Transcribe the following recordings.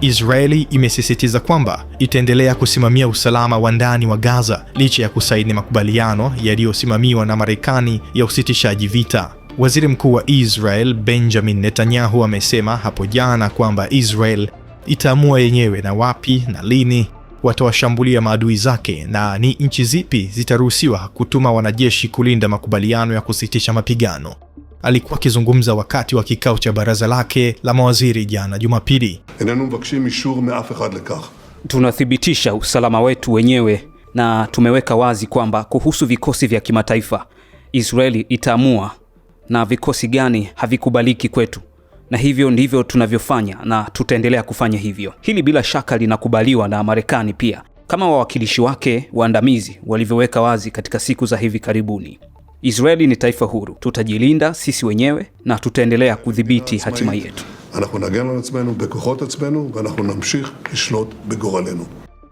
Israeli imesisitiza kwamba itaendelea kusimamia usalama wa ndani wa Gaza licha ya kusaini makubaliano yaliyosimamiwa na Marekani ya usitishaji vita. Waziri Mkuu wa Israel Benjamin Netanyahu amesema hapo jana kwamba Israel itaamua yenyewe na wapi na lini watawashambulia maadui zake na ni nchi zipi zitaruhusiwa kutuma wanajeshi kulinda makubaliano ya kusitisha mapigano alikuwa akizungumza wakati wa kikao cha baraza lake la mawaziri jana Jumapili. Tunathibitisha usalama wetu wenyewe na tumeweka wazi kwamba kuhusu vikosi vya kimataifa Israeli itaamua na vikosi gani havikubaliki kwetu, na hivyo ndivyo tunavyofanya na tutaendelea kufanya hivyo. Hili bila shaka linakubaliwa na Marekani pia, kama wawakilishi wake waandamizi walivyoweka wazi katika siku za hivi karibuni. Israeli ni taifa huru, tutajilinda sisi wenyewe na tutaendelea kudhibiti hatima yetu.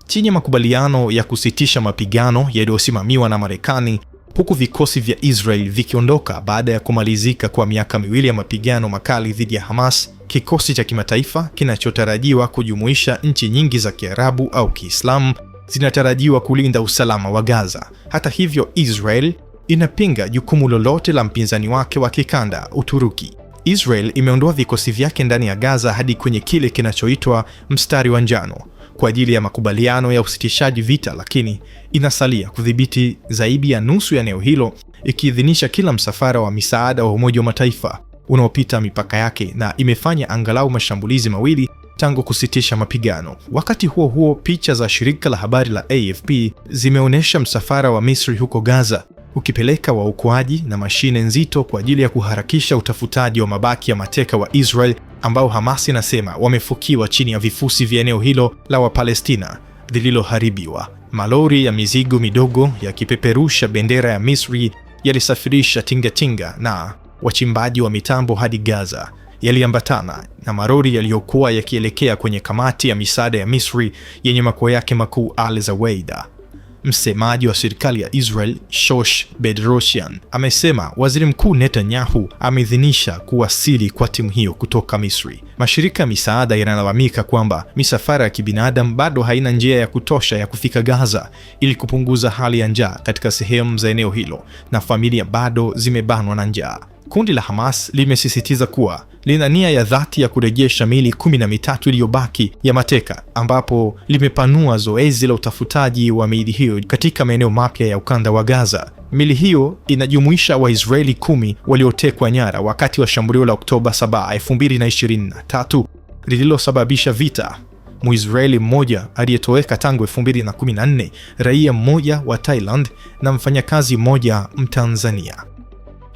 Chini ya makubaliano ya kusitisha mapigano yaliyosimamiwa na Marekani, huku vikosi vya Israel vikiondoka baada ya kumalizika kwa miaka miwili ya mapigano makali dhidi ya Hamas, kikosi cha kimataifa kinachotarajiwa kujumuisha nchi nyingi za Kiarabu au Kiislamu zinatarajiwa kulinda usalama wa Gaza. Hata hivyo, Israel inapinga jukumu lolote la mpinzani wake wa kikanda Uturuki. Israel imeondoa vikosi vyake ndani ya Gaza hadi kwenye kile kinachoitwa mstari wa njano kwa ajili ya makubaliano ya usitishaji vita, lakini inasalia kudhibiti zaidi ya nusu ya eneo hilo, ikiidhinisha kila msafara wa misaada wa Umoja wa Mataifa unaopita mipaka yake na imefanya angalau mashambulizi mawili tangu kusitisha mapigano. Wakati huo huo, picha za shirika la habari la AFP zimeonyesha msafara wa Misri huko Gaza ukipeleka waokoaji na mashine nzito kwa ajili ya kuharakisha utafutaji wa mabaki ya mateka wa Israel ambao Hamas inasema wamefukiwa chini ya vifusi vya eneo hilo la Wapalestina lililoharibiwa. Malori ya mizigo midogo yakipeperusha bendera ya Misri yalisafirisha tingatinga na wachimbaji wa mitambo hadi Gaza, yaliambatana na malori yaliyokuwa yakielekea kwenye kamati ya misaada ya Misri yenye makao yake makuu Al Zawaida. Msemaji wa serikali ya Israel Shosh Bedrosian amesema waziri mkuu Netanyahu ameidhinisha kuwasili kwa timu hiyo kutoka Misri. Mashirika ya misaada yanalalamika kwamba misafara ya kibinadamu bado haina njia ya kutosha ya kufika Gaza ili kupunguza hali ya njaa katika sehemu za eneo hilo, na familia bado zimebanwa na njaa. Kundi la Hamas limesisitiza kuwa lina nia ya dhati ya kurejesha miili kumi na mitatu iliyobaki ya mateka, ambapo limepanua zoezi la utafutaji wa miili hiyo katika maeneo mapya ya ukanda wa Gaza. Miili hiyo inajumuisha Waisraeli kumi waliotekwa nyara wakati wa shambulio la Oktoba 7, 2023 lililosababisha vita. Muisraeli mmoja aliyetoweka tangu 2014, raia mmoja wa Thailand na mfanyakazi mmoja Mtanzania.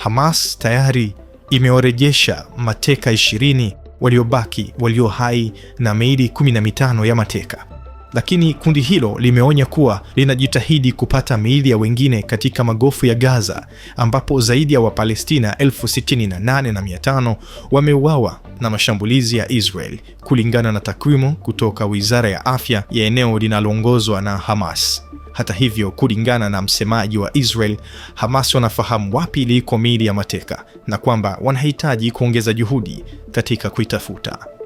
Hamas tayari imewarejesha mateka 20 waliobaki walio hai na miili 15 ya mateka lakini kundi hilo limeonya kuwa linajitahidi kupata miili ya wengine katika magofu ya Gaza ambapo zaidi ya Wapalestina elfu wameuawa na mashambulizi ya Israel kulingana na takwimu kutoka Wizara ya Afya ya eneo linaloongozwa na Hamas. Hata hivyo, kulingana na msemaji wa Israel, Hamas wanafahamu wapi iliko miili ya mateka na kwamba wanahitaji kuongeza juhudi katika kuitafuta.